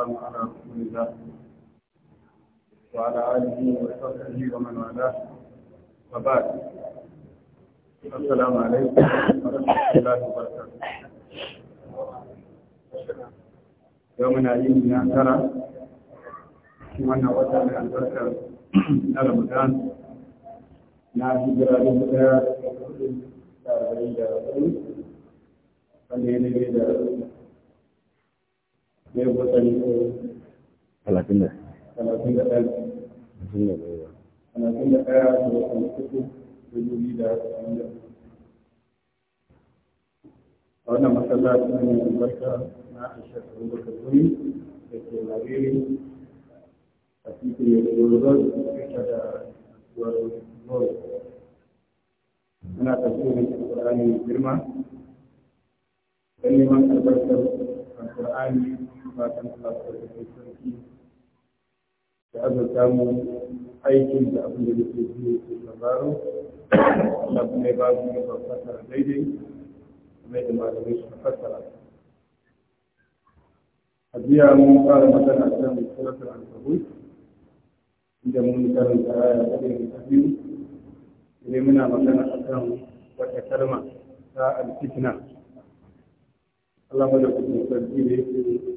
والسلام على رسول الله وعلى آله وصحبه ومن والاه وبعد السلام عليكم ورحمة الله وبركاته يومنا يومنا ترى وانا وصل البركة na Ramadan na hijira da da da da da da da ne watanni ko talatin da talatin da ɗaya da ɗaya talatin da da watanni da dubi da da a wannan masallaci ne albarka na aisha ta rubuta kuri da ke labiri a titin da tsuwar girma don neman albarkar alƙur'ani fatan Allah ta sarki da azurta mu aikin da abin da yake biyu ke sauraro Allah kuma ba mu ya fassara daidai kamar da malamai suka fassara a mun fara magana kan suratul ankabut inda mun karanta aya ta ɗaya ta biyu sai muna magana akan wata kalma ta alfitna Allah sarki da yake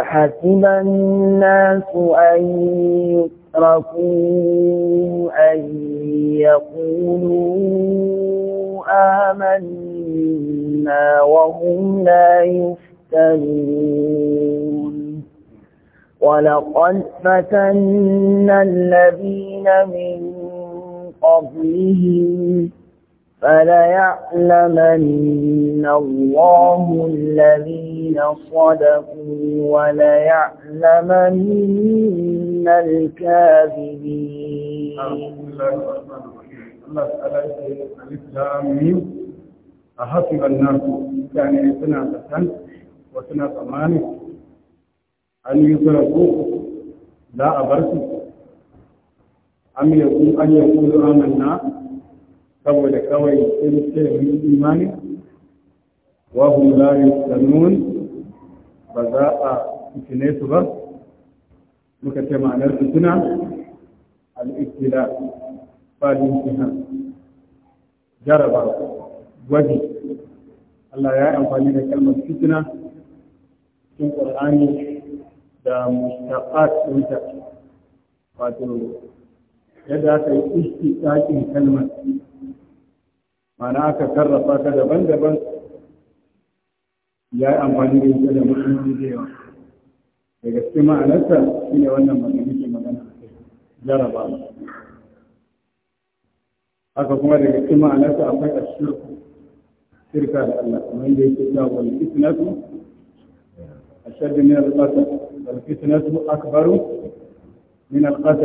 أحسب الناس أن يتركوا أن يقولوا آمنا وهم لا يفتنون ولقد فتنا الذين من قبلهم فليعلمن الله الذين الذين صدقوا وليعلمن الكاذبين a hasiban nasu mutane suna zaton wa suna tsammani an yi sura ko za a bar su saboda kawai sun ba za a fitine su ba muka ce ma'anar fitina al'ibtila falin fihan jaraba gwaji Allah ya yi amfani da kalmar fitina cikin ƙwar'ani da mustaqat ɗinta wato yadda aka yi ɗakin kalmar ma'ana aka karrafa ta daban-daban ya yi amfani da ita da mutunci da yawa daga cikin ma'anarsa shi ne wannan magana muke magana jaraba haka kuma daga cikin ma'anarsa akwai ashirku shirka da Allah kamar yadda yake cewa wal fitnatu ashaddu min al-qatl wal fitnatu akbaru min al-qatl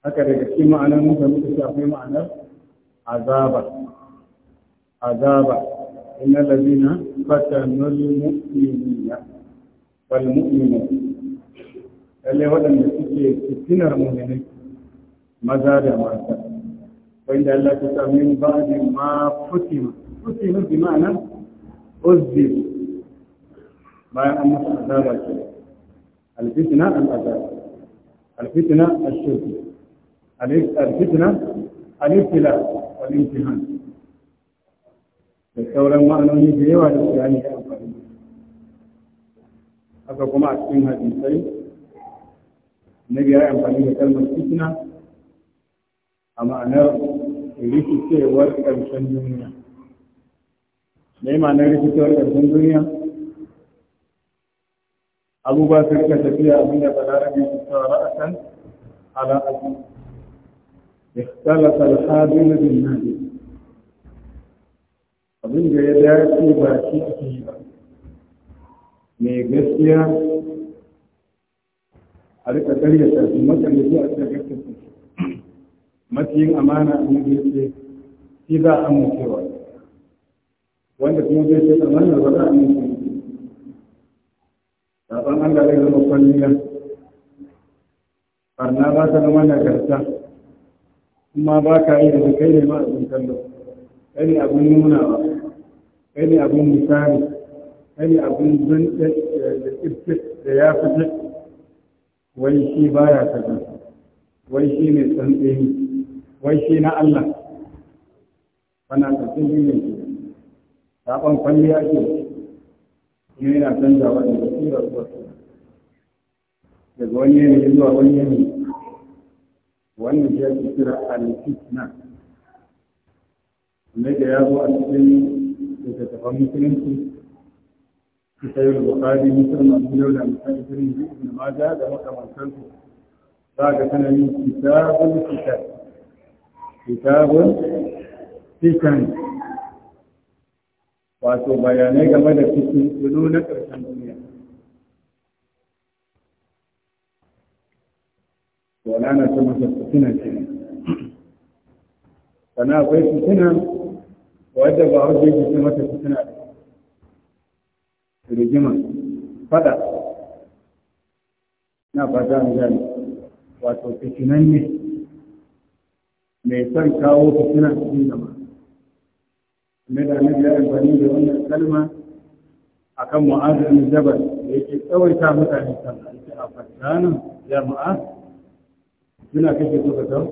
haka daga cikin ma'anar muka muka akwai ma'anar azaba azaba إن الذين فتنوا المؤمنين والمؤمنات lalle waɗanda suke fitinar mu'minai maza da mata wanda Allah ta sa min ba'di ma futima futima bi ma'ana uzzib bayan an musu azaba ke alfitna al-azab alfitna al-shirk alfitna al-ibtila da sauran ma'anoni da yawa da Qur'ani ya amfani haka kuma a cikin hadisai na biya amfani da kalmar fitna a ma'anar rikicewar ƙarshen duniya da yi ma'anar rikicewar ƙarshen duniya abubuwa su rika tafiya abin da balarabe su tsara a kan ala aji اختلف الحاضر بالنادر abin da ya dace ba shi ake yi ba mai gaskiya a rika karyata su matsalaci a cikin gaskiya su matiyin amana a nan yake shi za a amincewa wanda kuma zai ce amana ba za a amincewa an da zai zama kwalliya, barna ba ta zama nagarta, kuma ba ka yi da kai ne ma a tsinkan kai ne abin nunawa kai ne abin misali kai ne abin zan da da ya fita wai shi baya kaza wai shi ne tsantseni wai shi na Allah wannan tsantseni ne ke saban kwalliya ke ne yana canzawa da basirar wasu daga wani yanayi zuwa wani yanayi wannan ya fi kira al-fitna النجا يابو أسلمي وتتقام مسلم كتير البخاري مسلم أبو يولا مسلم كريم ابن ماجا ده مكما نسلكو ساقة سنة من كتاب الكتاب كتاب الكتاب واتو بياني كما لكتن سلونة رسان دنيا ولانا سمسة سنة سنة فنا قيس سنة wadda ba a wajen jikin mata su suna da rigima fada na fata mu gani wato fitinan ne mai son kawo fitina cikin jama'a kuma da annabi ya amfani da wannan kalma akan mu'az bin jabal da yake tsawaita mutane sallah yake a fatanan ya mu'az suna kake so ka kawo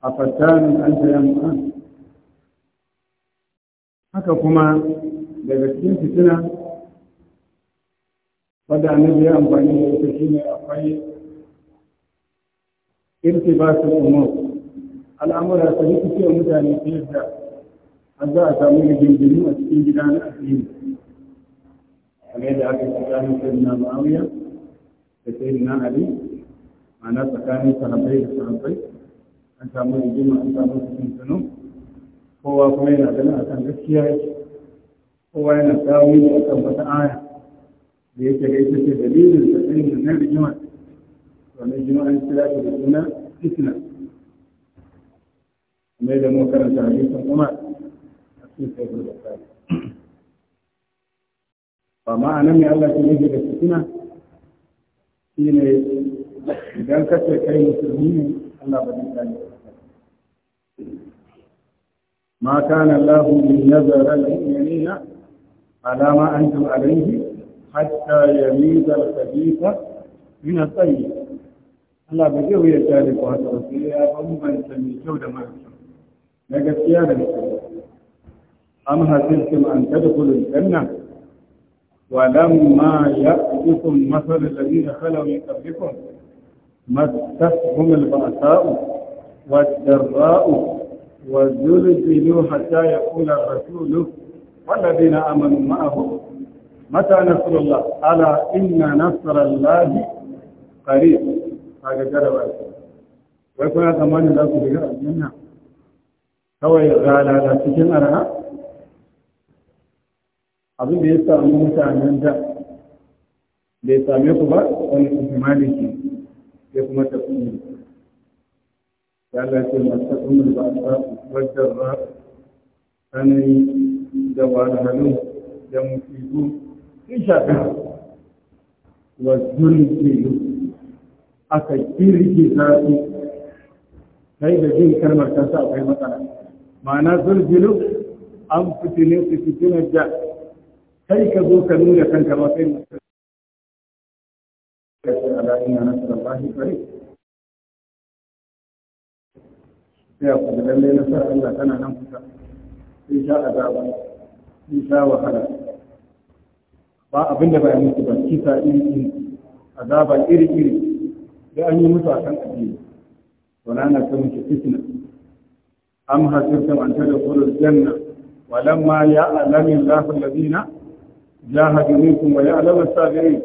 a fatanan an ta ya mu'az haka kuma daga cikin fitina wadda annabi ya amfani da ita shine akwai su umur al'amura yi rikice mutane ta yadda an za a samu rigingimu a cikin gida na asiri kamar yadda aka yi tsakanin sayyidina ma'awiya da sayyidina ali ma'ana tsakanin sahabbai da sahabbai an samu rigima an samu cikin sanu kowa kuma yana ganin akan gaskiya yake kowa yana kawo da akan wata aya da yake da ita ce dalilin da tsayin da nan rigima wannan jima an kira shi da suna fitna mai da mun karanta hadisin kuma a cikin sabbin da tsari ba anan mai Allah ke yake da fitina shi ne idan ka ce kai musulmi ne Allah ba zai kare ka ما كان الله ليذر المؤمنين على ما أنتم عليه حتى يميز الخبيث من الطيب Allah ba zai wuya ta da kwata ba ya bambanta mai kyau da mara kyau na gaskiya da mutum am hasibtum an tadkhulul janna wa lamma ya'tikum mathal alladhina khalaw min qablikum massahum al-ba'sa'u wad-dharra'u وزلزلوا حتى يقول الرسول والذين آمنوا معه متى نصر الله ألا إن نصر الله قريب هذا جرب ويكون هذا ما نلاقي بها الجنة هو rana على سجن abin da بيسا samu mutanen da بيسا ميقبا ويكون ba wani kuma maliki ya lafi masu umar ba ta wajen ra sanayi da wahalhalu da musibu sun shafi wa zulfilu aka kirki zafi sai da jin kalmar kansa akwai matsala ma'ana zulfilu an fitinin su fitinar da kai ka zo ka nuna kanka ba kai mutum. Kashi ala ina nasarar bahi fari. sai a kuma lalle na sa Allah tana nan kusa sai sha azaba sai sha wahala ba abin da ba a musu ba kisa iri iri azaba iri iri da an yi musu a kan addini wala na ta muke fitna am hasirtum an tadkhulul janna walamma ya'lamu Allahu alladhina jahadu minkum wa ya'lamu as-sabirin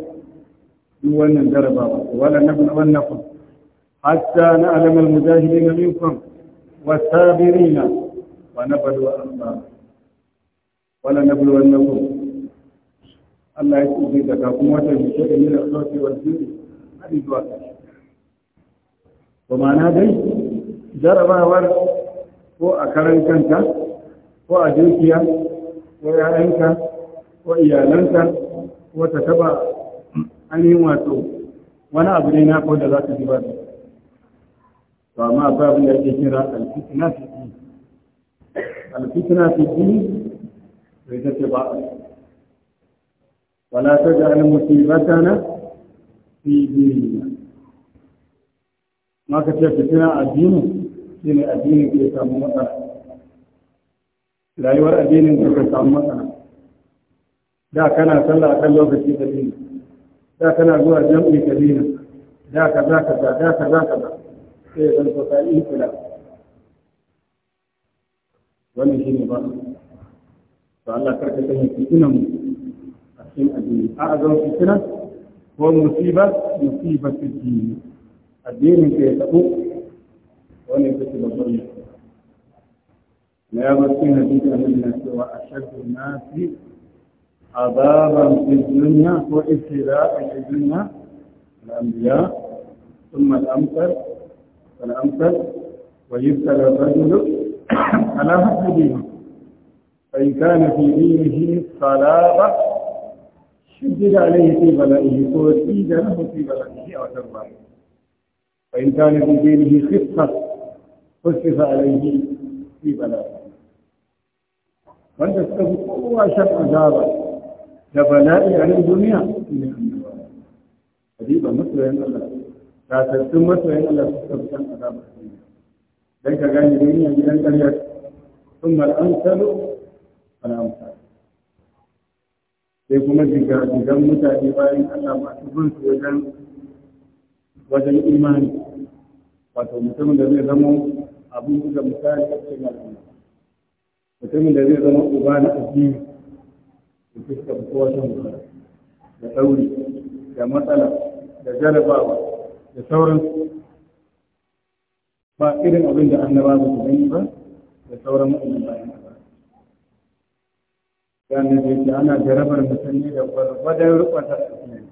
duk wannan jarabawa wala nabna wannakum hatta na'lamu al-mujahidina minkum والصابرين ونبلو أخبار ولا نبلو أنكم الله يسوي ذكاكم وتنشئ من الخوف والجوع هذه دعاء ومعنى دي jarabawar ko a karan kanka ko a dukiya ko ‘ya'yanka ko iyalanka ko ta taba ainihin wato wani abu ne na ko da za ka ji ba to amma akwai abin da ake kira alfitina fi din alfitina fi din to ita ba wala ta ga al musibatana fi dinina ma ka ce fitina addini shine rayuwar addinin da kana sallah kan lokaci da dina da kana zuwa jam'i da dina da ka za ka za da ka za ka za sai zan to ka yi kula ba to Allah karka sanya fitinan mu a cikin addini a azan fitina ko musiba musiba fitini addinin ka ya tabo wannan kace babban ne na ya bar cikin a annabi na cewa ashaddu nasi عذابا في a وابتلاء في الدنيا الانبياء ثم الامثل فالأمثل ويبتلى الرجل على حق دينه فإن كان في دينه صلابة شدد عليه في بلائه وزيد له في بلائه أو تربائه وإن كان في دينه خفة خفف عليه في بلائه وانت suka fi kowa shan azaba عن الدنيا a nan duniya tatattun masoyin Allah su tafi azabar duniya. dan ka gane duniya gidan ƙarya sun mal'amsalu musa sai kuma diga digan mutane bayan Allah masu bin su wajen wajen imani wato mutumin da zai zama abu buga misali a cikin al'umma mutumin da zai zama uba na addini da fuskar kowace mutum da ɗauri da matsala da jarabawa da sauran ba irin abin da annaba ba su gani ba da sauran mu'min bayan ba ya ne da yake ana jarabar mutane da gwargwadon rukwata a cikin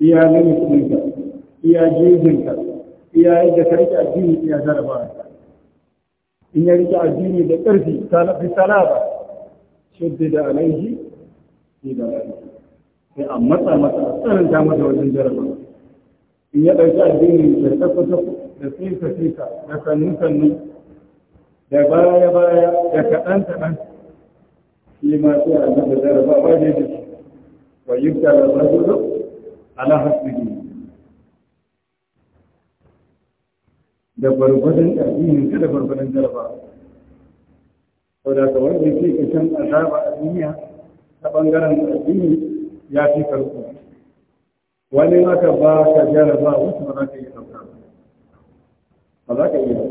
iya limitinka iya jirginka iya yadda ka rike addini iya jarabawa in ya rike addini da ƙarfi fi salaba shuddi da alaihi fi da alaihi sai a matsa matsa a tsananta mata wajen jarabawa in ya ɗauki addini da takwata da fisa fisa da sannu sannu da baya baya da kaɗan kaɗan shi ma sai a nan da zaraba ba ne da shi wa yi ta da rajulu ala hasbihi da barbadan addinin ta da barbadan jaraba da ka wanda yake kashin azaba a duniya ta ɓangaren addini ya fi karfi wani aka ba ka jaraba wasu ba za ka yi ɗauka ba za ka iya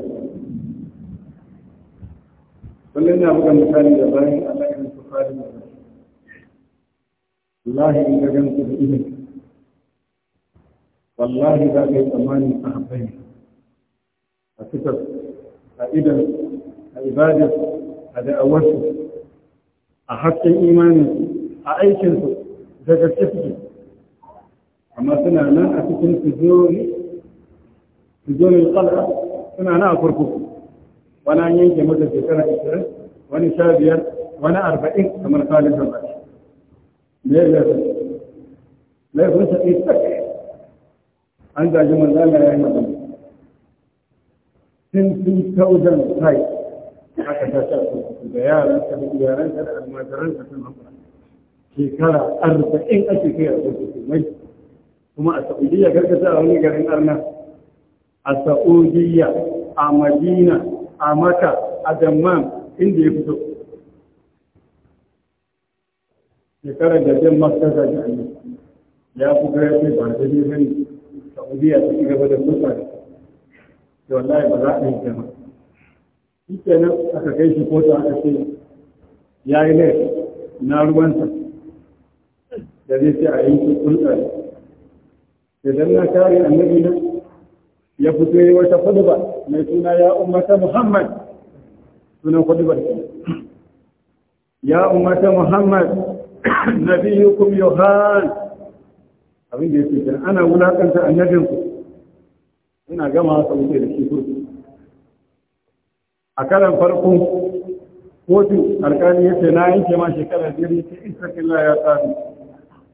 kullum na buga misali da bayan Allah irin su fadin da wallahi in ga gan su da ido wallahi za ka yi tsammani a haɓai a fitar a idan a ibadar a da'awarsu a hasken imaninsu a aikinsu daga gaske amma suna nan a cikin tijori tijorin kal'a suna nan a kurkuku wani an yanke masa shekara ashirin wani sha biyar wani arba'in kamar kalin da bashi me ya laifin laifin sa ɗin tsakai an gaji manzana ya yi magana sun sun kaujan sai aka ta sa da yaran ka da iyaran ka da almajiran ta sun haɓa shekara arba'in ake kai a kurkuku mai kuma a Saudiya karkata a wani garin arna a Saudiyya, a Madina a Maka a Dammam inda ya fito shekarar da zai masu kasa ji annabi ya fi gara fi ba da ne bane Saudiyya ta ci gaba da mutane da wallahi ba za a yi jama. shi kenan aka kai shi ta aka ce ya yi laifin na ruwansa da zai ce a yanki kulɗa idan na kare annabi na ya fito yi wata kudubar mai suna ya umarta muhammad sunan kudubar ya umarta muhammad kuma yohan abin da yake kenan ana wulakanta annabinku ina gama sa wuce da shi kurku a karan farko kotu alkali ya ce na yanke ma shekarar jirgin ya ce isa killa ya tsari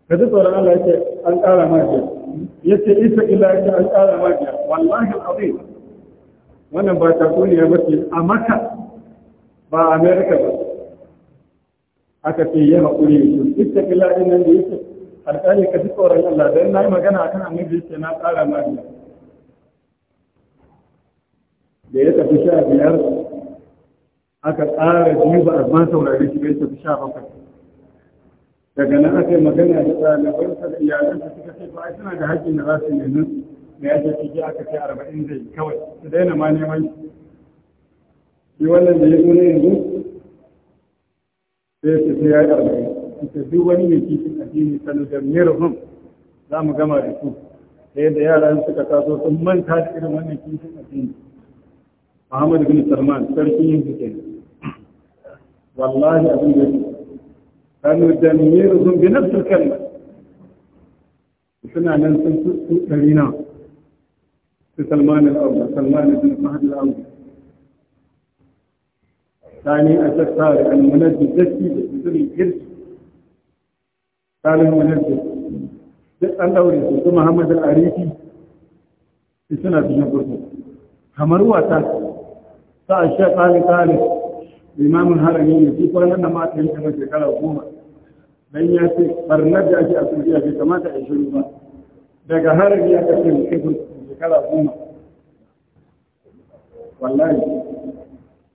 ka ji tsoron Allah ya ce an ƙara ma biyar ya ce isa illa yake an ƙara ma wallahi azim wannan ba ta kuniya ba mace a maka ba amerika ba aka ce yi haƙuri su isa illa ɗin nan da yake alƙali ka ji tsoron Allah don na yi magana akan annabi yake na ƙara ma da ya tafi sha biyar aka ƙara biyu ba a ma saurari shi bai tafi sha bakwai daga nan aka yi magana da ɗalibansa da iyalansa suka ce ba suna da haƙƙin da za su nemi da ya ce ciki aka ce arba'in zai kawai su daina ma neman shi wannan da ya zo na yanzu sai su sai ya yi arba'in ita duk wani mai kifin addini sanu da mirhum za mu gama da su da yadda yaran suka taso sun manta da irin wannan kifin addini Muhammadu bin Salman sarki yin su kenan wallahi abin da ya فندميرهم بنفس الكلمة suna nan sun su ɗari سلمان su salman al'aula salman ibn أشد al'aula ثاني أشكار المنجد جسي بسري جرس ثاني المنجد الأولي سوى محمد الأريكي سنة في نبرته همروا تاس الشيخ قال قالت limamin harami ne shi kwanan nan ma ta yanka na shekara goma dan ya ce barnar da ake a turkiya bai kamata a shiru ba daga harami aka ce mu kai shekara goma wallahi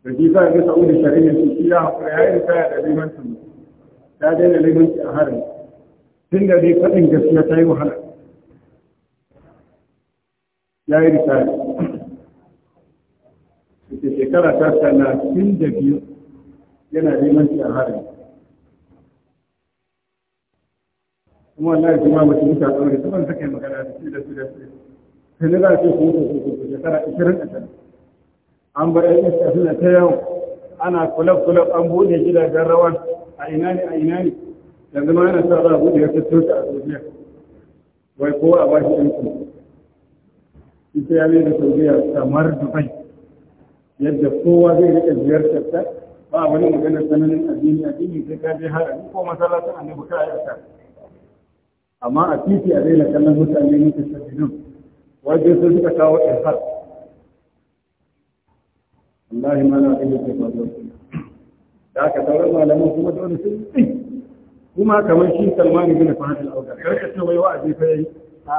da shi sa ga saudi shari'a shi shi ya hakura ya yi kaya da limancin ta daina limanci a harami tun da dai faɗin gaskiya ta yi wahala ya yi rikaya shekara ta talatin da biyu yana neman shi a harin kuma wallahi kuma mutum mutu a tsawon da ban sake magana da shi da su da su sai na za a ce ku mutu su da tara ashirin a can an bar yan iska suna ta yau. ana kulab kulab an buɗe gidajen rawan. a ina ne a ina ne yanzu ma yana sa za a buɗe wata tota a saudiya wai kowa a bashi yankin ita ya mai da saudiya kamar dubai yadda kowa zai riƙa ziyartar ta ba wani magana tsananin addini addini sai ka je harami ko masallacin annabi ka aikata amma a titi a daina kallon mutane mutasabbihin Waje sun suka kawo irhar wallahi ma na kai yake ba da aka sauran malaman kuma dole sun tsi kuma kamar shi salman bin fahad al-awdar karka ce wai aje fa yi? a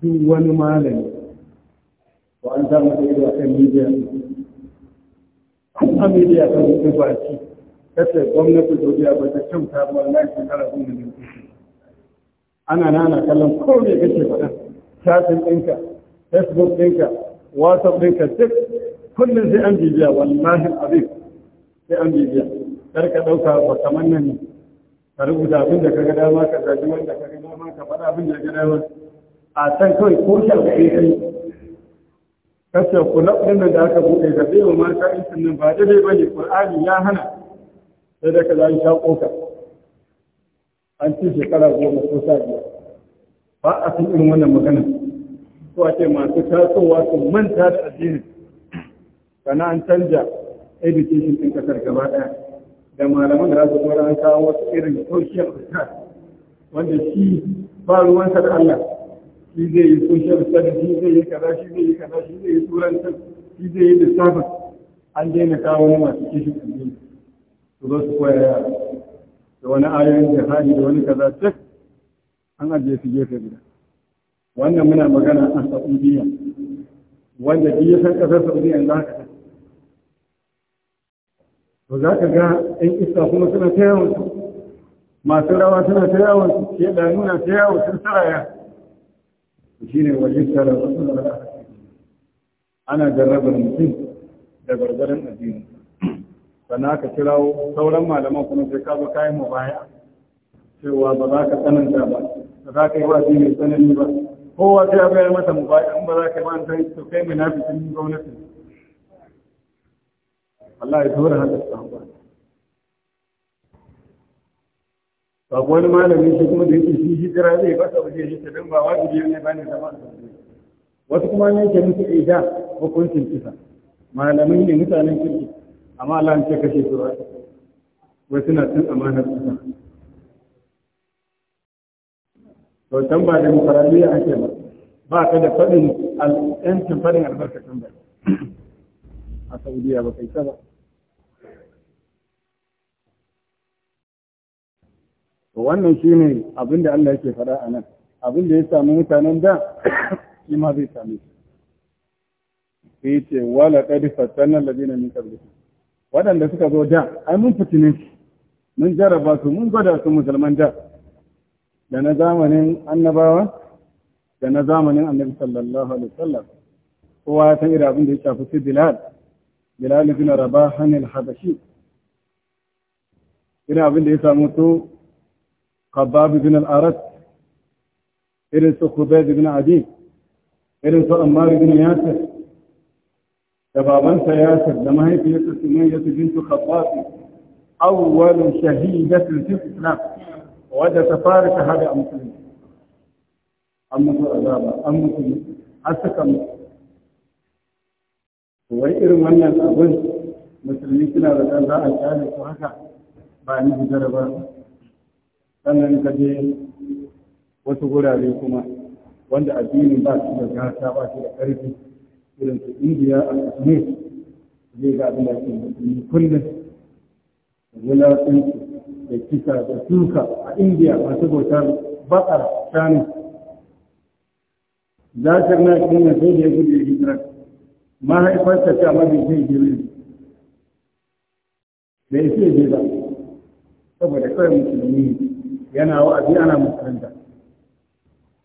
duk wani malami wa an ta masa ido akan media kun amiliya ta mutu baki kace gwamnati doriya ba ta kyauta ba wallahi shekara goma ne ana nana kallon ko me kake faɗa chatin ɗinka facebook ɗinka whatsapp ɗinka duk kullum sai an bibiya wallahi abin sai an bibiya kar ka ɗauka ba kamar nan ne ka rubuta abin da ka ga dama ka zaji wanda ka ga dama ka faɗa abin da ka ga dama a can kawai ko shafi kai kace kula ɗin da aka buɗe ga bai ma ka intin nan ba daidai bane qur'ani ya hana sai da kaza ta koka an ci shekara goma ko sa biyar ba a san irin wannan magana ko a ce masu tasowa su manta da addinin kana an canja education ɗin ƙasar gaba ɗaya da malaman da za su an kawo wasu irin social wanda shi ba ruwansa da Allah shi zai yi social studies shi zai yi kaza shi zai yi kaza shi zai yi turancin shi zai yi lissafin an daina kawo wani masu kishin kudi su zo su koya yara da wani ayoyin jihadi da wani kaza cik an ajiye su gefe gida. wannan muna magana a sa'udiyya wanda duk ya san kasar sa'udiyya za ka to za ka ga ɗan iska kuma suna ta yawon masu rawa suna ta yawon su ke da nuna ta yawon sun saraya shi ne wajen tsara wasu da aka ana jarrabar mutum da gwargwaron addini sannan aka kirawo sauran malaman kuma sai ka zo kayan mu baya cewa ba za ka tsananta ba ba za ka yi wasi mai tsanani ba kowa sai ya bayar mata mu baya in ba za ka yi ba an to kai mai nafi sun gwamnati Allah ya tura haka su ba wani malami shi kuma da yake shi hijira zai fasa waje shi ta dan ba wajibi ne ba ne da zama wasu kuma ne yake musu ida hukuncin kisa malamai ne mutanen kirki amma Allah ya kashe su wai suna cin amanar kisa to can ba demokaradiyya ake ba ba ka da faɗin al'yancin faɗin albarkacin ba a saudiya ba kai ta ba to wannan ne abin da Allah yake faɗa a nan abin da ya samu mutanen da shi ma zai sami shi sai ce wala ɗari fatanna alladhina min ƙarfi waɗanda suka zo da ai mun fitinin shi mun jarraba su mun gwada su musulman da da na zamanin annabawa da na zamanin annabi sallallahu alaihi wasallam kowa ya san irin abin da ya shafi su bilal bilal bin rabah hanil habashi irin abin da ya samu to خباب بن الأرد إرنس خباب بن عدي إرنس أمار بن ياسر تبابا سياسر لما هي في يسر سمية بنت خباب أول شهيدة في الإسلام وجد تفارق هذا المسلم أمس الأدابة أمس أسك أمس وإير من أبن مسلمين كنا رجال لا أجال وهذا بعني جربا sannan ka je wasu gurare kuma wanda addinin ba su da gasa ba su da ƙarfi irin su indiya a kashmir zai ga abin da ke musulmi kullum da wulaƙanci da kisa da suka a indiya masu bautar baƙar shanu za ta na kuma sai da ya gudu ya hijira mahaifarsa ta mabi zai je wuri da ya ce je ba saboda kawai musulmi ne yana wa'azi ana musulunta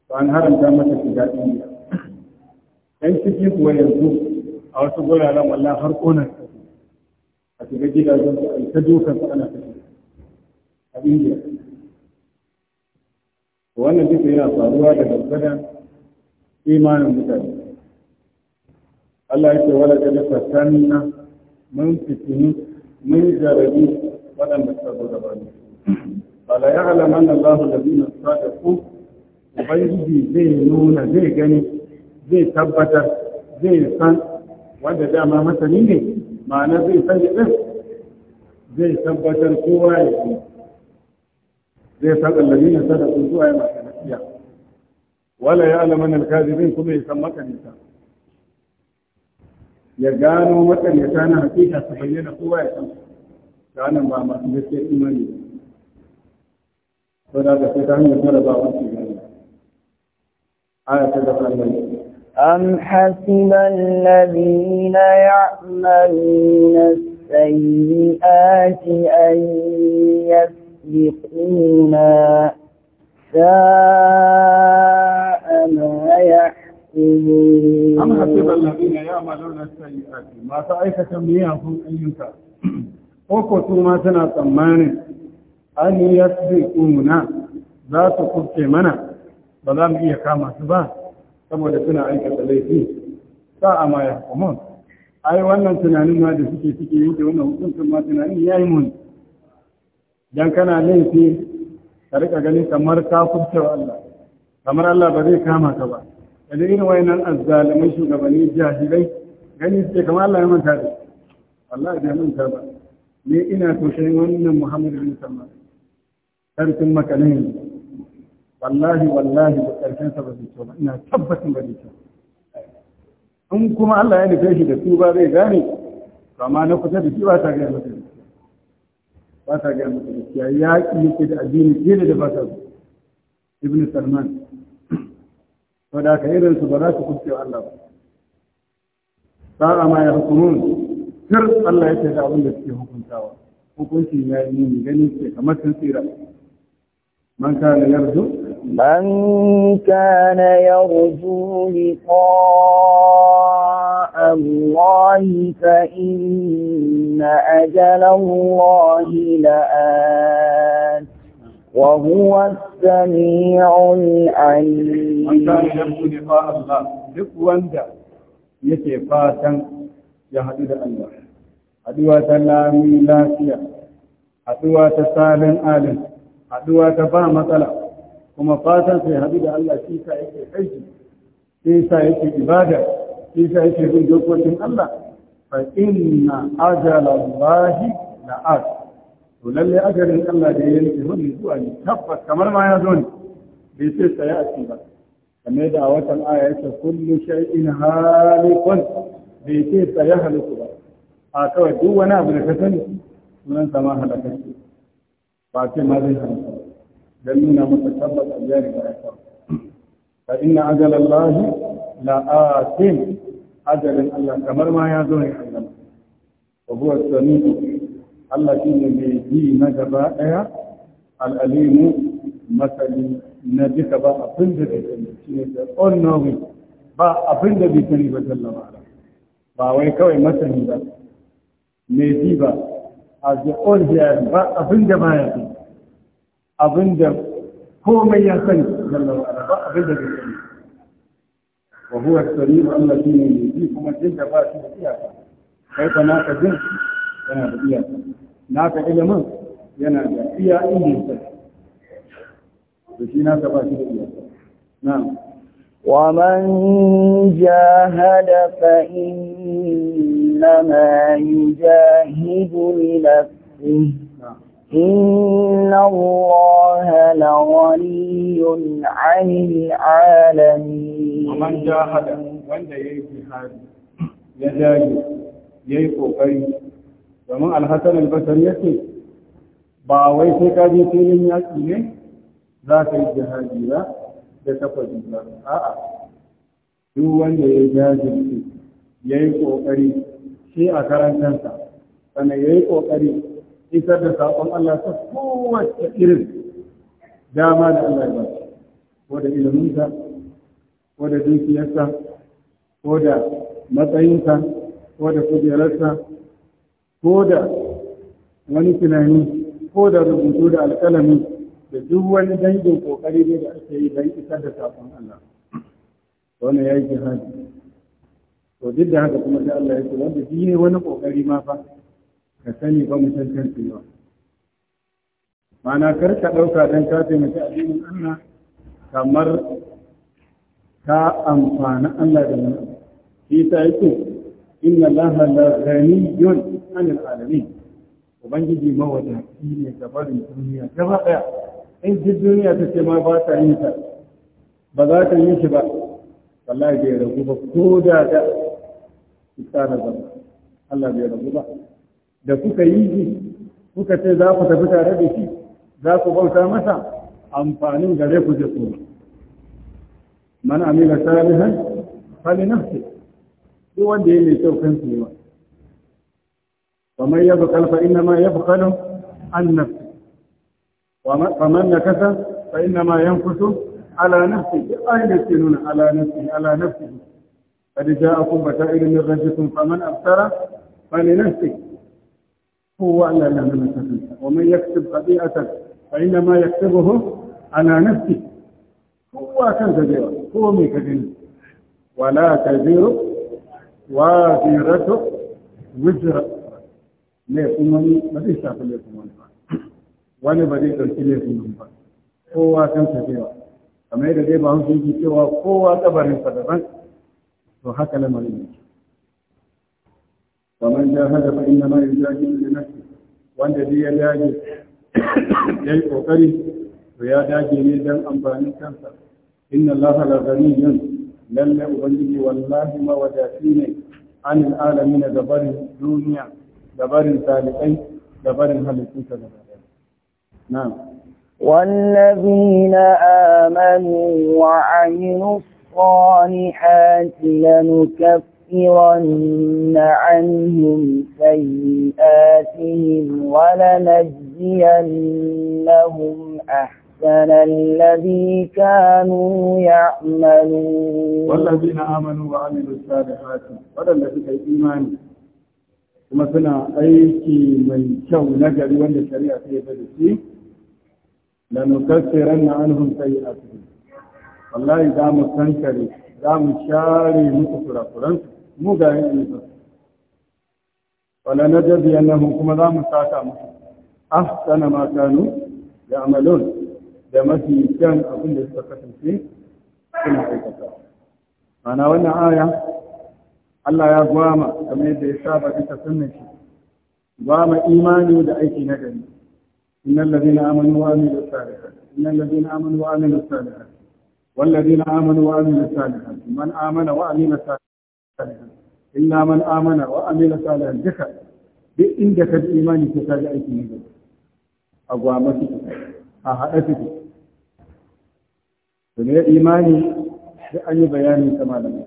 to an haramta masa shiga indiya dan ciki kuwa yanzu a wasu guraren wallahi har ƙonar a shiga gidajen su ai ta dukan su ana tafi a indiya wannan duka yana faruwa da gargada imanin mutane Allah ya ce wala kada fatanna mun fitinu mun jarabi waɗanda suka zo bani fala ya alaman Allahu da zina sadaku ubangiji zai nuna zai gani zai tabbatar zai san wanda dama masani ne ma'ana zai san din zai tabbatar kowa ya yi zai san allazina sadaku zuwa ya masa nasiya wala ya alaman alkazibin kuma ya san makanita ya gano makaryata na hakika su bayyana kowa ya san ranar ba masu gaskiyar imani آية أم حسب الذين يعملون السيئات أن يسبقونا ساء ما يحكمون أم حسب الذين يعملون السيئات ما تأيك أن أيها وقتوا ما سنة an yasbiquna za su kufce mana ba za mu iya kama su ba saboda suna aikata laifi sa'a ma ya hukumun ai wannan tunanin ma da suke suke yanke wannan hukuncin ma tunanin ya yi mun dan kana laifi ka rika ganin kamar ka kufce wa Allah kamar Allah ba zai kama ka ba da irin wayannan azzalimai shugabanni jahilai gani suke kamar Allah ya manta da Allah ya manta ba ne ina toshe wannan Muhammadu bin Sallallahu ƙarfin makanin wallahi wallahi da ƙarfin sa ba zai ba ina tabbatin ba zai in kuma Allah ya nufe shi da su ba zai gane amma na kusa da shi ba ta gaya masa ba ta gaya masa gaskiya ya ki yake da addini fiye da ba ta ibn Salman to da ka irin su ba za su kuce Allah ba sa'a ma ya hukumun sir Allah ya ce da abin da suke hukuntawa hukunci ya yi ne gani ce kamar sun tsira من كان يرجو من كان يرجو لقاء الله فإن أجل الله لآت وهو السميع العليم من كان يرجو لقاء الله duk wanda yake fatan ya haɗu da Allah haɗuwa ta lami lafiya haɗuwa ta haɗuwa ta ba matsala kuma fatan sai haɗu da Allah shi sa yake aiki shi sa yake ibada shi sa yake bin dokokin Allah fa inna ajala Allahi la'at to lalle ajalin Allah da ya yanke wani zuwa ne tabbas kamar ma ya zo ne bai sai tsaya a ba kamar da a watan aya yake kullu shay'in halikun bai sai tsaye halittu ba a kawai duk wani abu da ka sani sunan sama halakacce ba ce ma zai hamsin don nuna masa tabbas a jari ba ya kawo fa inna ajal na la atin ajalin Allah kamar ma ya zo ne Allah wa huwa samiu Allah shi ne mai yi na gaba daya al-alimu masali na duka ba abin da bai sani ne the all knowing ba abin da bai sani ba jalla ba wai kawai masani ba mai ji ba a the old jihadi ba abin da ba ya fi abin da komai ya sani sallallahu alaihi ba abin da bai sani wa huwa as-salim allati yuji kuma jin da ba shi da iyaka kai ka naka jin yana da iyaka naka ilimin yana da iya inda yake da shi naka ba shi da iyaka na'am ومن جاهد فإن إنما يجاهد لنفسه إن الله لغني عن العالمين ومن جاهد وان يجهد يجاهد يجهد قريب domin alhassan albasar ya ce ba wai sai ka je filin yaƙi ne za ka yi da a'a duk wanda ya jajirce ya yi ƙoƙari shi a karantansa sannan ya yi ƙoƙari isar da saƙon Allah ta kowace irin dama da Allah ya ba ko da iliminsa ko da dukiyarsa ko da matsayinsa ko da kujerarsa ko da wani tunani ko da rubutu da alƙalami da duk wani dangin ƙoƙari ne da ake yi don isar da saƙon Allah wannan ya yi jihadi to duk da haka kuma sai Allah ya ce wanda shi ne wani kokari ma fa ka sani ba mu tantance ba Mana kar ka ɗauka dan ka mace addinin Allah kamar ka amfana Allah da wani shi ta yake inna Allah la ghaniyyun 'anil 'alamin ubangiji shi ne gabarin barin duniya gaba daya in duk duniya ta ce ma ba ta yin ta ba za ta yi shi ba wallahi bai ragu ba ko da da ki tsara zama Allah bai rabu ba da kuka yi shi kuka ce za ku tafi tare da shi za ku bauta masa amfanin gare ku je kuma man amila salihan fali nafsi duk wanda ya mai kyau kansa ne ba kamar ya bukal fa inna ma ya bukalu an nafsi kamar na kasa fa inna ma yankusu ala nafsi duk ayin da ke nuna ala nafsi ala nafsi قد جاءكم بشائر a ربكم فمن أبصر فلنفسه هو أن لا من ومن يكتب خطيئة فإنما يكتبه على نفسه هو كان تجيره هو من كثير ولا تزير وزيرة وزر laifin wani ba zai shafi laifin wani ba wani ba zai ɗauki laifin wani ba kowa kan sa cewa kamar yadda dai ba hausa yake cewa kowa kabarinsa daban وحكى لمريم inna جاهد فإنما يجاهد لنفسه wanda duk ya dage ya yi ƙoƙari to ya dage ne don amfanin kansa inna Allah la ghaniyyun lalle ubangiji wallahi ma wadati ne an alamin da barin duniya da barin talibai da barin halittunsa gaba na'am والذين آمنوا وعملوا الصالحات لنكفرن عنهم سيئاتهم ولنجزينهم أحسن الذي كانوا يعملون والذين آمنوا وعملوا الصالحات ولن في إيمان kuma سنة aiki mai kyau na gari wanda shari'a ta yi da shi lanukassiran wallahi za mu kankare za mu share muku furafuran mu ga yin ba wala najabi nan kuma za mu saka musu ahsana ma kanu amalon da mafi kyan abin da suka kasance suna aikata mana wannan aya Allah ya gwama kamar yadda ya saba ita sunnan shi gwama imani da aiki na gari innal ladina amanu wa amilu salihat innal ladina amanu wa amilu salihat والذين آمنوا وعملوا الصالحات من آمن وعمل الصالحات إلا من آمن وعمل الصالحات ذكر بإن ذكر الإيمان تسال أيتي أقوامته أهاتته فمن إيماني أي بيان كما لم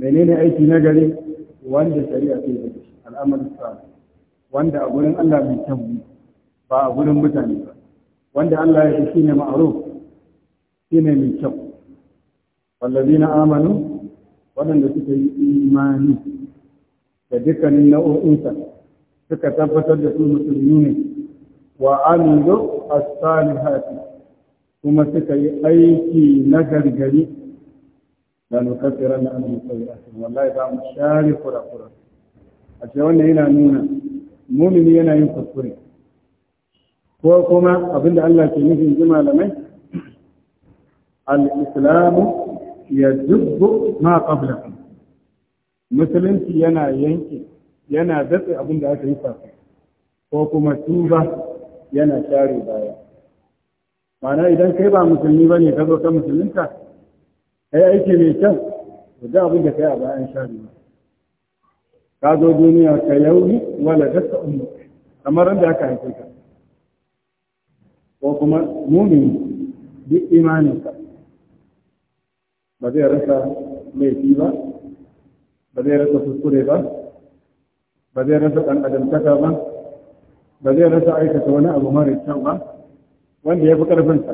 menene aiki na gari wanda shari'a ke الأمر الصالح al'amarin sa wanda a gurin Allah mai kyau ba a gurin معروف shi mai kyau wallazi na amanu waɗanda suka yi imani da dukkanin na'o'insa suka tabbatar da su musulmi ne wa amilu as-salihati kuma suka yi aiki na gargari da nukafiran na annabi sallallahu wallahi za mu share kura-kura. a ce wannan yana nuna mumini yana yin kuskure ko kuma abinda Allah ke nufin ji malamai al-islamu ya dubbu ma musulunci yana yanke yana datse abin da aka yi kafin ko kuma tuba yana share baya ma'ana idan kai ba musulmi ba ne ka zo ka kai aiki mai kyau da da abin da kai a bayan share ba ka zo duniya ka yauni wala dasta ummu kamar da aka haife ka ko kuma mumin duk imaninka ba zai rasa laifi ba ba zai rasa kuskure ba ba zai rasa ɗan adamtaka ba ba zai rasa aikata wani abu mara kyau ba wanda ya fi ƙarfinsa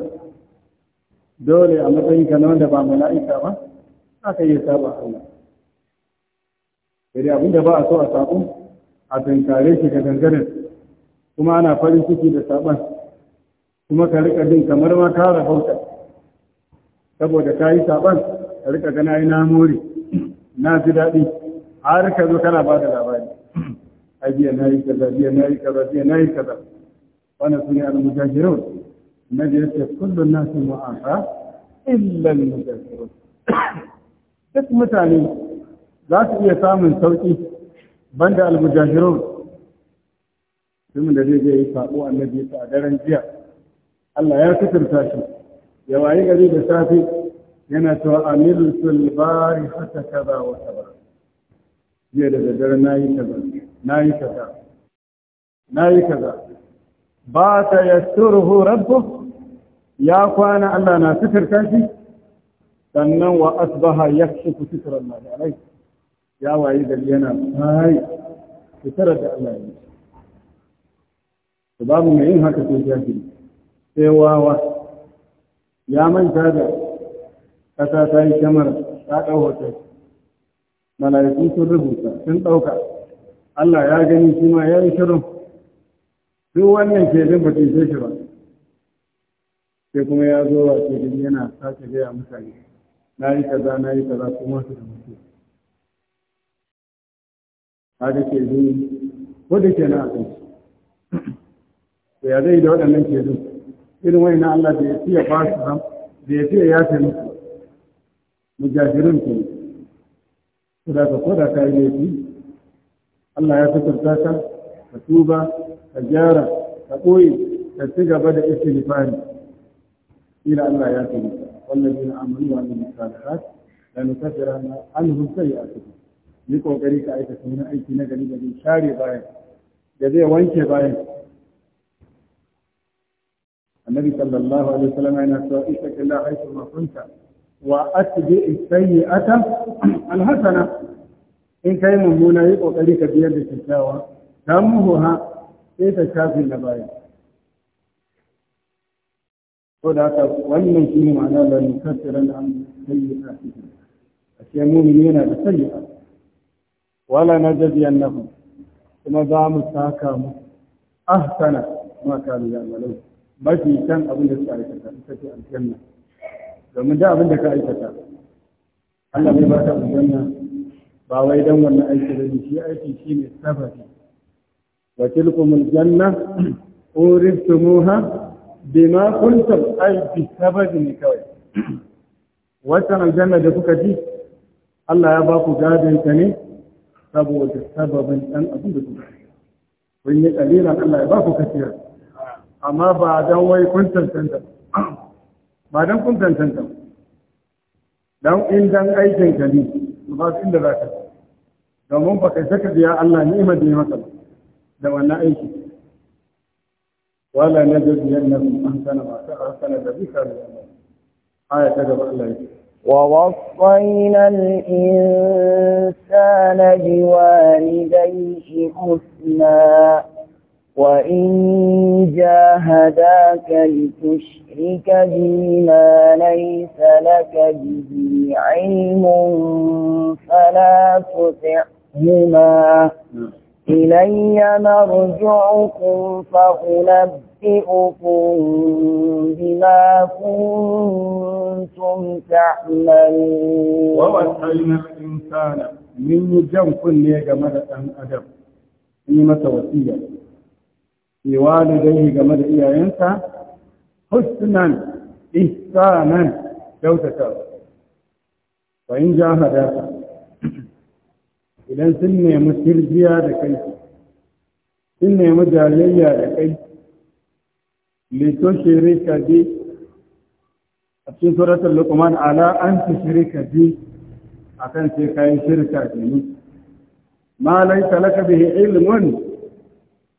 dole a matsayinka na wanda ba mala'ika ba aka iya saba Allah sai abin da ba a so a sabo a tunkare shi ga gangaren kuma ana farin ciki da saban kuma ka riƙa jin kamar ma ka rabauta saboda ka yi saban rika gana yi na more na ji daɗi har ka zo kana ba da labari a biya na yi kaza biya na yi kaza biya na yi kaza wannan suna yi al-mujahirun na da yake kullum na nasu mu'afa illa al-mujahirun duk mutane za su iya samun sauƙi banda al-mujahirun mutumin da zai yi na annabi ta a daren jiya Allah ya suturta shi ya wayi gari da safe yana cewa amil sulbari hata kaza wa kaza jiya da daddare na yi kaza na yi kaza na yi kaza ba ta yasturuhu rabbu ya kwana Allah na suturta shi sannan wa asbaha yakshifu sitran Allah alai ya wayi da yana sai sitrar da Allah ne babu mai yin haka sai ya sai wawa ya manta da ƙasa ta yi kamar ta ɗau hoton sun rubuta sun ɗauka Allah ya gani shi ma ya yi shirin duk wannan ke zin ba ce shi ba sai kuma ya zo wa ke yana sake gaya mutane na yi kaza na yi kaza kuma su da mutu haka ke jini wadda ke na a kai to ya zai da waɗannan ke zin irin wani na Allah da ya fiye ba su da ya fiye ya ce musu mujahirin ku ko da ka koda ka yi laifi Allah ya suturta ka ka tuba ka gyara ka ɓoye ka ci gaba da istighfari ila Allah ya tuni wallazina amanu wa amilu salihat la nukaffiranna anhum sayi'atuhum Ni kokari ka aikata sunan aiki na gari da zai share bayan da zai wanke bayan النبي صلى الله عليه وسلم أن اتق الله حيثما كنت wa asbi sayyi'ata alhasana in kai mummuna yi kokari ka biyar da kyakkyawa tamuha sai ta shafi na baya ko da haka wannan shine ma'ana da nukassiran an sayyi'a ashe mu'mini yana da sayyi'a wala najziyannahum kuma za mu saka mu ahsana ma kanu ya'malun mafi kan abin da suka aikata ita ce aljanna domin da abin da ka aikata Allah bai ba ta aljanna ba wai dan wannan aiki da shi aiki shine sababi wa tilkumul janna uristumuha bima kuntum ay bi ne kawai wannan aljanna da kuka ji Allah ya ba ku gadin ta ne saboda sababin dan abin da kuka kun yi kalilan Allah ya ba ku kafiyar amma ba dan wai kuntum tantan ba don kun tantanta don in dan aikin ka ne ba su inda za ka domin ba kai saka biya Allah ima da ya maka ba da wannan aiki wala na jabiyar na an sana masu sana da bisa da aya ta gaba Allah ya ووصينا الإنسان بوالديه حسنا وإن جاهداك لتشرك بي ما ليس لك به علم فلا تطعهما إلي مرجعكم فأنبئكم بما كنتم تعملون ووصينا الإنسان من جنب ليجمد أن أدب في متوسية da yi game da iyayensa husnan ihsanan kyautata fa in jahada idan sun nemi tirjiya da kai sun nemi jariyayya da kai lito shirika bi a cikin suratul luqman ala an tushrika bi akan sai kai shirka da ni ma laysa laka bihi ilmun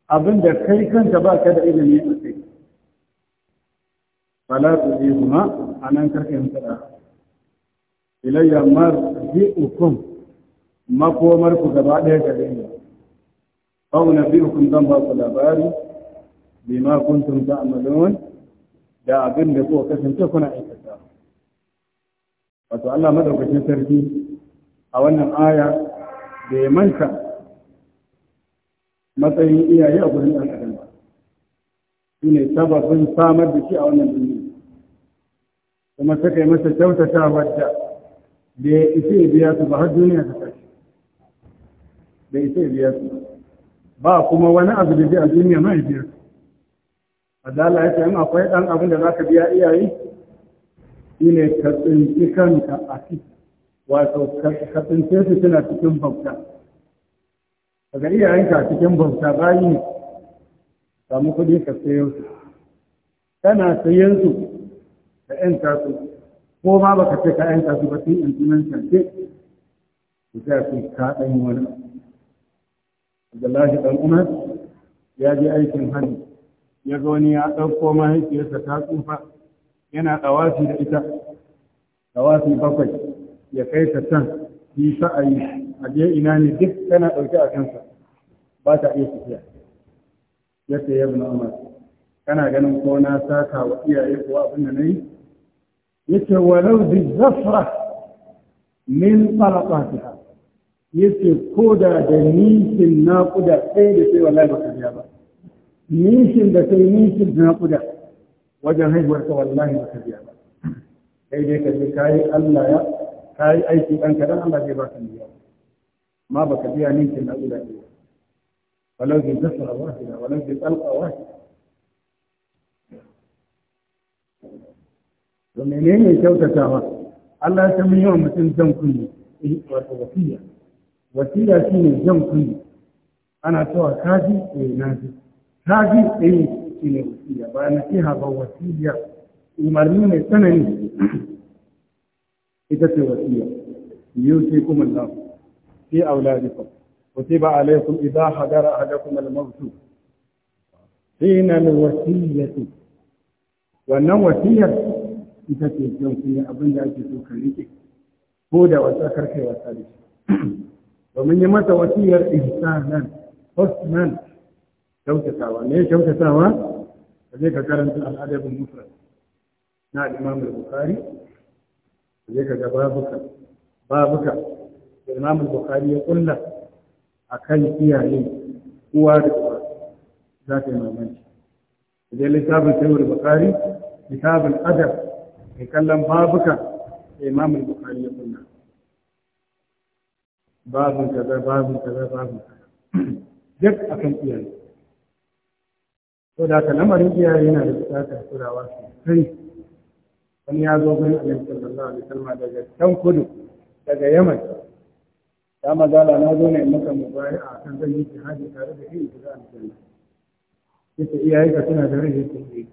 abin da kai kanka ba ka da ilimi a kai fala su ji kuma a nan karfe mutara ilayya ilayya marji ukun makomar ku gaba ɗaya gare ni ɓau na bi kun zan ba ku labari bima ta amalin da abin da kuka kasance kuna aikata wato Allah madaukakin sarki a wannan aya bai manta matsayin iyaye a gurin ɗan adam ba shi ne sababin samar da shi a wannan duniya kuma ta kai masa kyautata wadda da ya isa ya biya su ba har duniya ta kashi da isa ya biya su ba kuma wani abu da zai a duniya ma ya biya su adala ya ce in akwai ɗan abin da za ka biya iyaye shi ne ka tsinci kanka a ciki wato ka su suna cikin bauta ka iya yanka cikin bauta bayi ne samu kudi ka sayo su kana sayan su da yan tasu ko ma baka ce ka ƴan tasu ba sun implementation ce ku sai su ka ɗan wani Abdullahi ɗan Umar ya je aikin hannu ya ga wani ya ɗauko mahaifiyarsa ta tsufa yana ɗawafi da ita ɗawafi bakwai ya kai ta can yi sa'ayi a ina ne duk kana ɗauke a kansa ba ta iya tafiya ya ce umar kana ganin ko na saka wa iyaye ko abin da nayi yace walau bi zafra min talaqatiha yace ko da da nishin naƙuda sai da sai wallahi ka biya ba nishin da sai nishin naƙuda wajen haihuwar ka wallahi ka biya ba kai dai ka kayi Allah ya kayi aiki ɗan kaɗan Allah zai baka biya ما بقى فيها يمكن أولى إيه ولو في زفرة واحدة ولو في طلقة واحدة ومنين kyautatawa Allah ya san yawan mutum jan kunni wato wasiya wasiya shine jan kunni ana cewa kaji eh naji kaji eh shine wasiya ba nasiha ba wasiya umarni mai tsanani ita ce wasiya yau sai kuma Allah في أولادكم كتب عليكم إذا حضر أحدكم الموت حين الوصية wannan wasiyar ita ce don ku yi abin da ake so ka rike ko da wata karkai wasa da To mun yi mata wasiyar ihsanan husnan kyautatawa ne kyautatawa ka je ka karanta al'adabin mufrad na al-imam al-bukhari ka je ka ga babuka babuka Imam Bukhari ya kulla akan iyaye uwa da uwa za ta yi mamaki idan littafin sayyid Bukhari littafin adab mai kallon babuka da Imam Bukhari ya kulla babin kaza babin kaza babin kaza duk akan iyaye to da ka lamarin iyaye yana da bukatar kulawa sosai wani ya zo gani a nan sallallahu alaihi wasallam daga can kudu daga yaman ya magana na zo ne maka mubaya a kan zan yi jihadi tare da kai da za a janna yace iyaye ka suna da rashin kuɗi eh,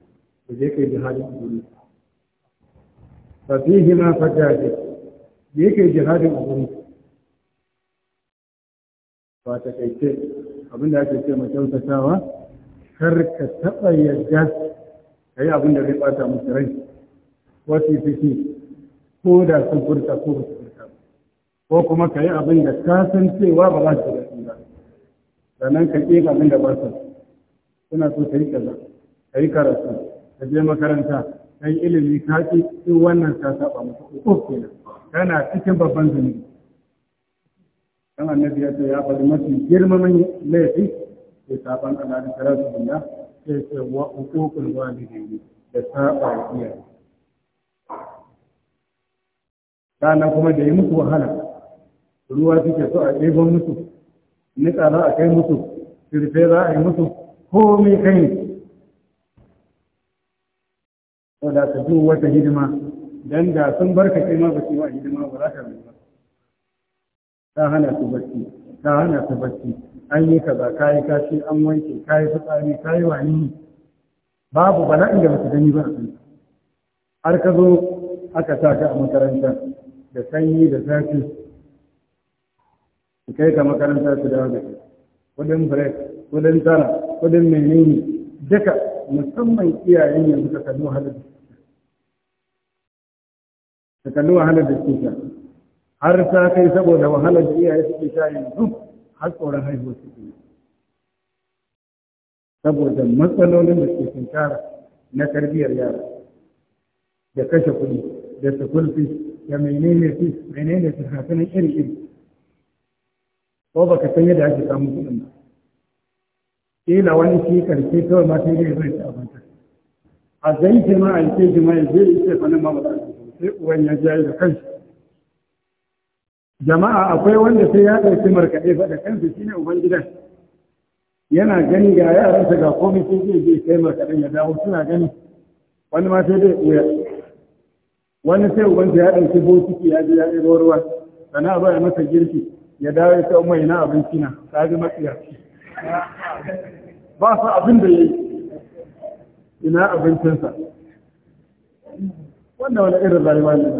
ku je kai jihadi kuɗi fa fihi ma fajaji da yake jihadin kuɗi ba ta kai ce abinda ake ce mai kyautatawa kar ka taɓa yarda ka yi abinda zai ɓata musu rai wasu fiki ko da sun furta ko ba su ko kuma ka yi abin da ka san cewa ba za su shi ba sannan ka ƙi abin da ba su suna so ka yi kaza ka yi karatu ka je makaranta ka yi ilimi ka ƙi in wannan ka saba masa na, ka kana cikin babban zunubi dan annabi ya ce ya faɗi mafi girmamin laifi ke saban alali karatu billah sai ce wa uququl walidaini da saba iyaye sannan kuma da yi musu wahala ruwa suke so a ɗebo musu nika za a kai musu sirfe za a yi musu komai kai ko da ka duk wata hidima don da sun barka kai ma baki wa hidima ba za ka mai ba ta hana su barci. ta hana su barci an yi kaza yi kashi an wanke ka yi fitsari ka yi wani babu bala'in da basu gani ba a kanta har ka zo aka sa ka a makaranta da sanyi da zafi kai ka makaranta su dawo da shi. kudin break kudin tara kudin menene duka musamman iyayen yanzu ka kalli wahalar da kalli wahalar da suke har ta kai saboda wahalar da iyaye suke sha yanzu har tsoron haihuwar suke saboda matsalolin da suke tara na tarbiyyar yara da kashe kuɗi da sukul fi da menene fi menene fi hasunan iri iri ko baka san yadda ake samun kuɗin ba kila wani shi karshe kawai ma sai dai zai ci abinci a zai ce ma a yi ce jima'i zai yi ce fannin ma ba sai uwan ya ji ya yi da kansu jama'a akwai wanda sai ya ɗauki markaɗe faɗa kansa shi ne uban gidan yana gani ga yaransa ga komai sai zai je kai markaɗen ya dawo suna gani wani ma sai dai ɓuya wani sai ubansa ya ɗauki bokiti ya ji ya ɗebo ruwa sana'a ba ya masa girki ya dawo ya mai na abinci na ta ji matsiyarci ba su abin da ya yi ina abincinsa wannan wani irin rayuwa ne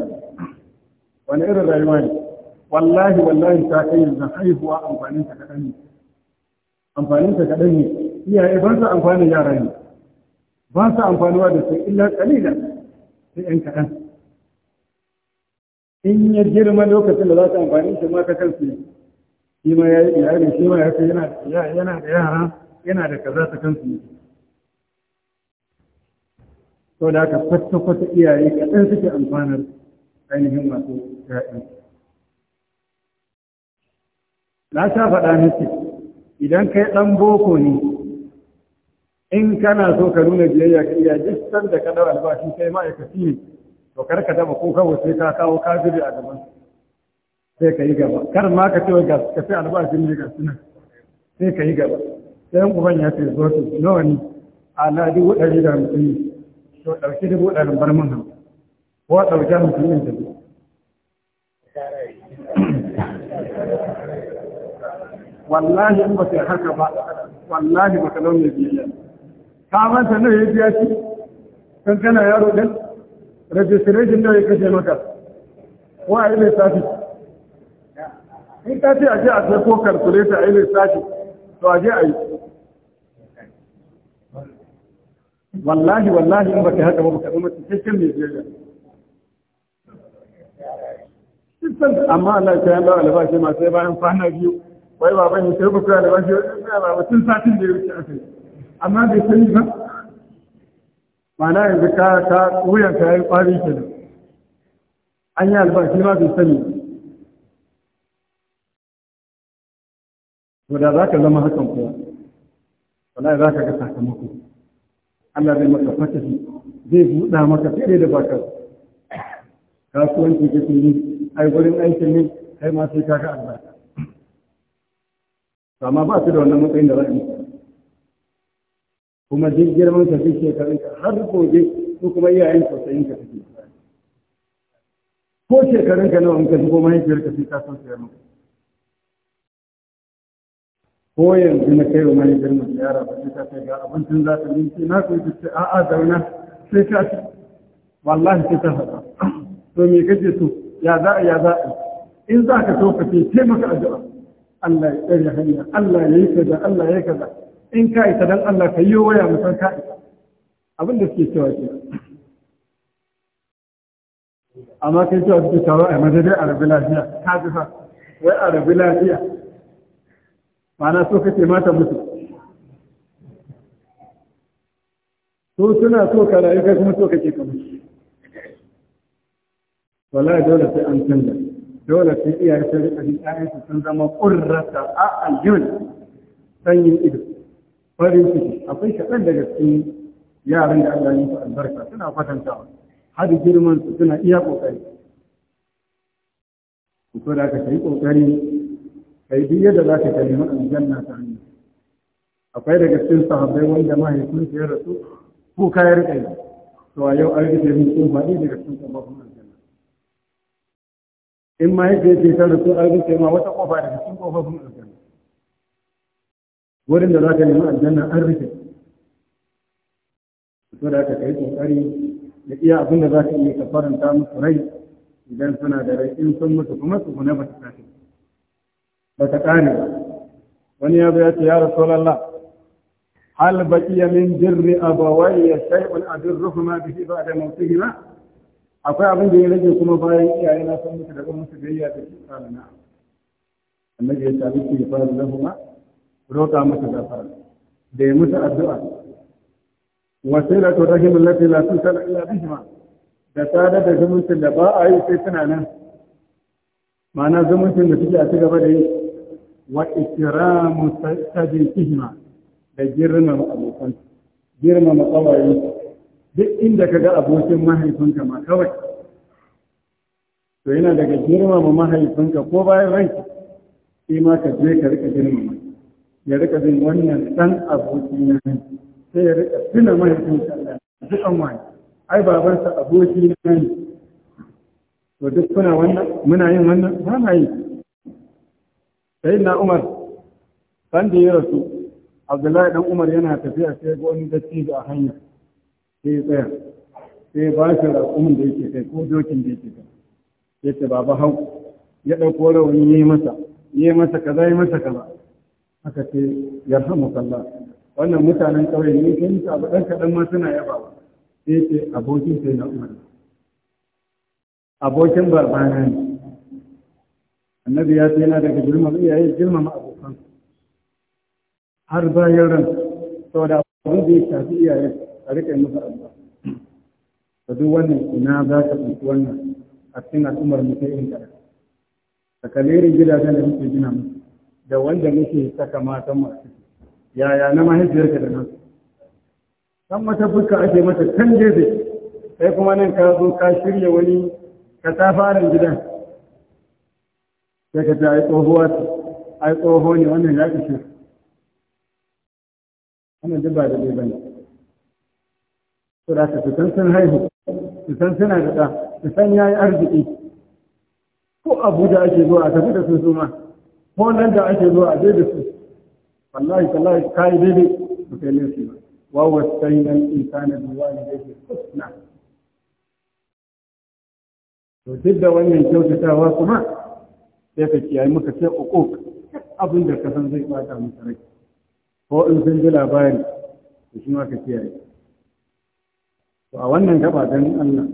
wani irin rayuwa ne wallahi wallahi ta kai yanzu haihuwa amfaninta kaɗan ne amfaninta kaɗan ne iyaye ban sa amfanin yara ne ba sa amfanuwa da su illa kalila sai ƴan kaɗan in ya girma lokacin da za ta amfani shi ma ta kansu shi ma ya yi iyali shi ma ya ce yana da yara yana da kaza ta kansu to da aka kwata-kwata iyaye kaɗan suke amfanar ainihin masu ya'yan na sha faɗa miki idan kai ɗan boko ne in kana so ka nuna biyayya ka iya jistar sanda ka albashi kai ma'aikaci ne to kar ka taba ko kawai sai ka kawo kafiri a gaban sai ka yi gaba kar ma ka cewa ga ka sai albashin ne ga suna sai ka yi gaba sai uban ya ce zo su nawa ne ala dubu ɗari da mutum to ɗauki dubu ɗari bar min hamsin ko ɗauki hamsin ɗin tafi wallahi in ba sai haka ba wallahi ba ka lau ne biyayya ka manta nawa ya biya shi kankana yaro ɗin registration ne ya kashe maka ko a yi sati in ka ce a je a sai ko calculator a yi sati to a je a yi wallahi wallahi in baka haka ba baka zama cikakken mai biyayya sistan amma Allah ta yanda albashi ma sai bayan fana biyu wai baban ya sai ku albashi ba mutum satin da ya a kai amma bai sani ba mana yanzu ka ta wuyanka ya yi ƙwari ke nan an yi albashi ma bai sani Ko da za ka zama hakan kuwa wallahi za ka ga sakamako Allah zai maka fatafi zai buɗa maka fiye da baka kasuwanci kake yi ai gurin aikin ne kai ma sai ka ga albashi amma ba su da wannan matsayin da za a yi kuma duk girman ka duk shekarun ka har gobe ko kuma iyayen tausayin ka fice ko shekarun ka nawa in ka zubo mahaifiyar ka sai ka san sai maka ko yanzu na kai wa mahaifiyar mu ziyara ba sai ka kai ga abincin za ka yi na na kai sai a zauna sai ka ci wallahi sai ta faɗa to me kake so ya za ya za in za ka so ka fice maka addu'a Allah ya tsare hanya Allah ya yi kaza Allah ya yi kaza in ka isa dan Allah ka yi waya mu san ka isa abin da suke cewa ke amma kai cewa suke taro a madadin arabi lafiya ka ji fa wai arabi lafiya ma'ana so kake mata musu so suna so ka rayu kai kuma so kake ka musu wallahi dole sai an canza dole sai iyaye sai sun rika jin ƴaƴansu sun zama qurrata a'yun sanyin ido farin ciki akwai kaɗan daga cikin yaran da Allah ya albarka suna kwatantawa har girman su suna iya kokari ko da ka yi kokari kai duk yadda za ka ma'aikatan na ta hanya akwai daga cikin sahabbai wanda mahaifinsa ya rasu ko kayar kai to a yau an rufe min tsofa ne daga cikin kofofin aljanna in ma yake ce ta rasu an rufe ma wata kofa daga cikin kofofin aljanna wurin da za ka nemi aljanna an rufe to da ka kai kokari da iya abin da za ka iya ka faranta musu rai idan suna da rai in sun mutu kuma su kuma ba ta tashi ba ta kare ba wani ya ya ce ya rasulallah hal baqiya min dirri abawayya shay'un adirruhuma bihi ba'da mawtihima akwai abin da ya rage kuma bayan iyaye na san mutu daga musu biyayya da shi kana na annabi ya tabi ki fa roƙa masa gafara da ya musu addu'a Wasu wasila to lafi allati la tusala illa ma da sada da zumuncin da ba a yi sai suna nan ma'ana zumuncin da suke a ci gaba da yi wa ikramu tabiqihima da girmama abokan girmama kawaye duk inda ka ga abokin mahaifinka ma kawai to yana daga girmama mahaifinka ko bayan ranki sai ma ka je ka rika girmama ya rika bin wannan dan aboki na ne sai ya rika tuna mahaifin Allah dukan wani ai babansa aboki na ne to duk kuna wannan muna yin wannan ba ma yi sai na Umar san da ya rasu Abdullahi dan Umar yana tafiya sai ga wani dattijo a hanya sai ya tsaya sai ba shi raƙumin da yake kai ko dokin da yake kai sai ce baba hau ya ɗauko rawani ya yi masa ya yi masa kaza ya yi masa kaza aka ce ya kalla. wannan mutanen kawai ne sai musu abu ɗan kaɗan ma suna yabawa sai ce abokin sai na umar abokin barbana ne annabi ya ce yana daga girmama iyaye girmama abokan har bayan ran saboda abokan da ya shafi iyaye a rika musu abuwa Ka duk wannan ina za ka tsinci wannan a cikin al'ummar mu ta kaɗan a kalerin gidajen da muke gina musu da wanda muke saka matan masu yaya na mahaifiyarka da nasu san mata fuska ake mata kan gefe sai kuma nan ka zo ka shirya wani katafaren gidan sai ka ta ai tsohuwa ai tsoho ne wannan ya ishe wannan duk ba da bai bane da ka san sun haihu su san suna da ɗa su san yi arziki ko abuja ake zuwa a tafi da sun suma ko nan da ake zuwa a daidai su wallahi wallahi kai daidai ba kai laifi ba wa wasaina al-insana bi walidayhi kusna to duk da wannan kyautatawa kuma sai ka kiyaye muka sai uku abin da ka san zai bata maka rai ko in sun ji labari to shi ma ka kiyaye to a wannan gaba dan Allah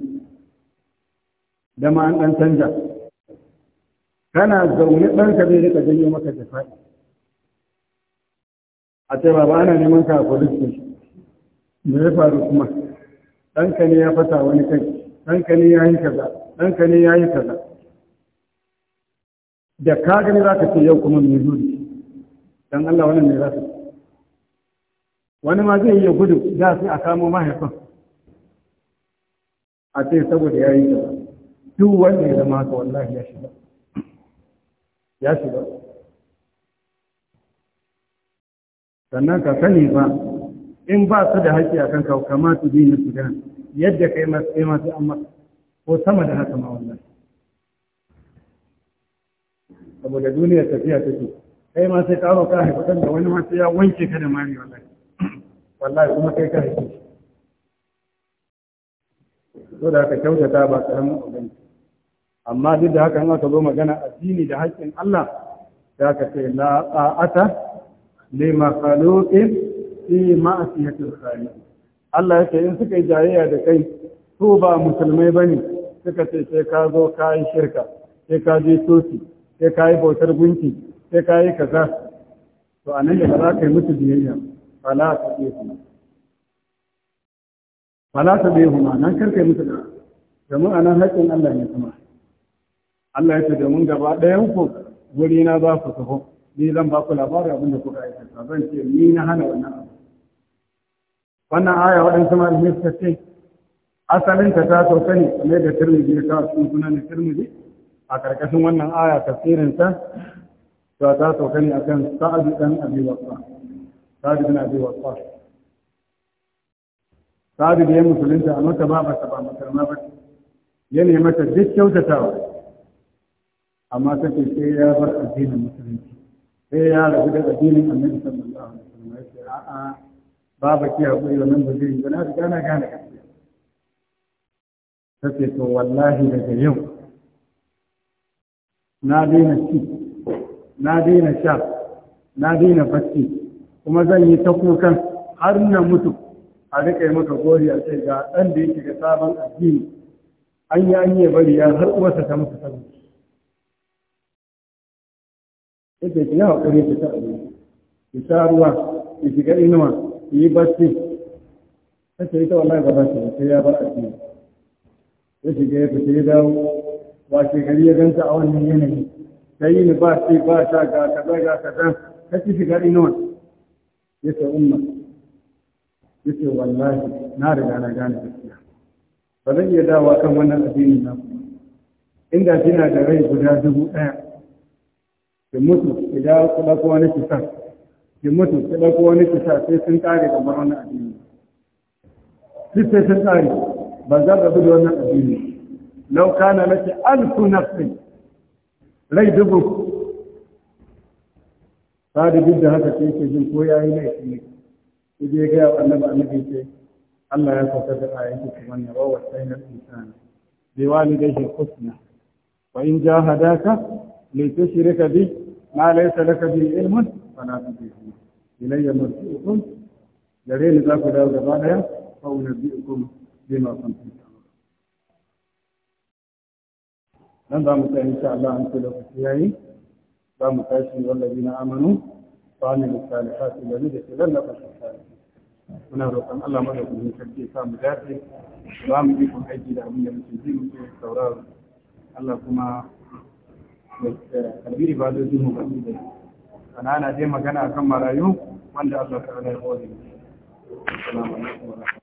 dama an dan canja kana zaune ɗanka zai rika janyo maka da faɗi a ce baba ana neman ka a police me ya faru kuma ɗanka ne ya fasa wani kai ɗanka ne ya yi kaza ɗanka ne ya yi kaza da ka gani za ka ce yau kuma mai zuri don Allah wannan mai za ka wani ma zai iya gudu za su a kamo mahaifin a ce saboda ya yi kaza duk wanda ya zama ka wallahi ya shiga ya shiga sannan ka sani ba in ba su da haƙƙi a kanka su bi na sudan yadda kai masu masu amma ko sama da haka ma wannan saboda duniyar tafiya ta ce, kai ma sai karo ka haifatar da wani masu ya wanke ka da mari wallahi wallahi kuma kai ka haife so da haka kyautata ba karamin ubangiji amma duk da haka in aka zo magana addini da haƙƙin Allah ya ka ce la ta'ata li makhluqin fi ma'siyatil khaliq Allah ya ce in suka yi jayayya da kai to ba musulmai bane suka ce sai ka zo ka yi shirka sai ka je tosi sai ka yi bautar gunki sai ka yi kaza to anan da za ka yi musu biyayya fala ta ce kuma fala ta bai huma nan karkai musu da domin anan haƙƙin Allah ne kuma Allah ya ce da mun gaba ɗayan ku wuri na za ku taho ni zan ba ku labarin abin da kuka aikata zan ce ni na hana wannan abu wannan aya waɗansu malamai suka ce asalin ta ta sauka ne kamar da Tirmidhi ya kawo cikin sunan Tirmidhi a karkashin wannan aya tafsirin ta to ta sauka ne akan Sa'ad dan Abi Waqqas Sa'ad bin Abi Waqqas Sa'ad da ya musulunta a mata ba ba ta ba musulma ba ya ne mata duk kyautatawa amma ta ce sai ya bar addinin musulunci sai ya rabu da addinin annabi sallallahu alaihi wasallam ya ce a'a baba ki hakuri wannan ba zai ba na riga na gane gaskiya kace to wallahi daga yau na daina ci na daina sha na daina bacci kuma zan yi ta kukan har na mutu a rike maka gori a ce ga ɗan da yake ga sabon addini an yi an yi bari ya har uwarsa ta mutu sabon. yake ki yawa kare ki ta abinci ki sha ruwa ki shiga inuwa ki yi bacci kace ita wallahi ba za ta sai ya a ci. ya shiga ya fita ya dawo washe gari ya ganta a wannan yanayi ta yi ni ba ce ba sha ga kaza ga kaza ka ci shiga inuwa ya ce umma ya ce wallahi na riga na gane gaskiya ba zan iya dawowa kan wannan addini na inda kina da rai guda dubu ɗaya ki mutu idan ku ɗauko wani kisa ki mutu ki ɗauko wani kisa sai sun kare kamar wannan addini duk sai sun kare ba za ka bi da wannan addini lau kana nace alfu nafsin rai dubu sadi duk da haka sai ke jin ko yayi laifi ne ki je ga annabi annabi ce Allah ya saukar da ayatu kaman ya sai sayyidul insani bi walidayhi husna wa in jahadaka لتشرك بي ما ليس لك به علم فلا تطيعه إلي مرجعكم gare ni za ku dawo gaba daya fa'unar bi'ukum bima kuntum nan za mu ta insha Allah an lokaci yayi za mu tashi wallabi na amanu fa min salihati da da ke lallaba salihati muna roƙon Allah mada ku ne sarki sa mu dace za mu yi kun aiki da abin da muke ji muke sauraro Allah kuma kalbiri ba ba ana dai magana marayu wanda Allah ya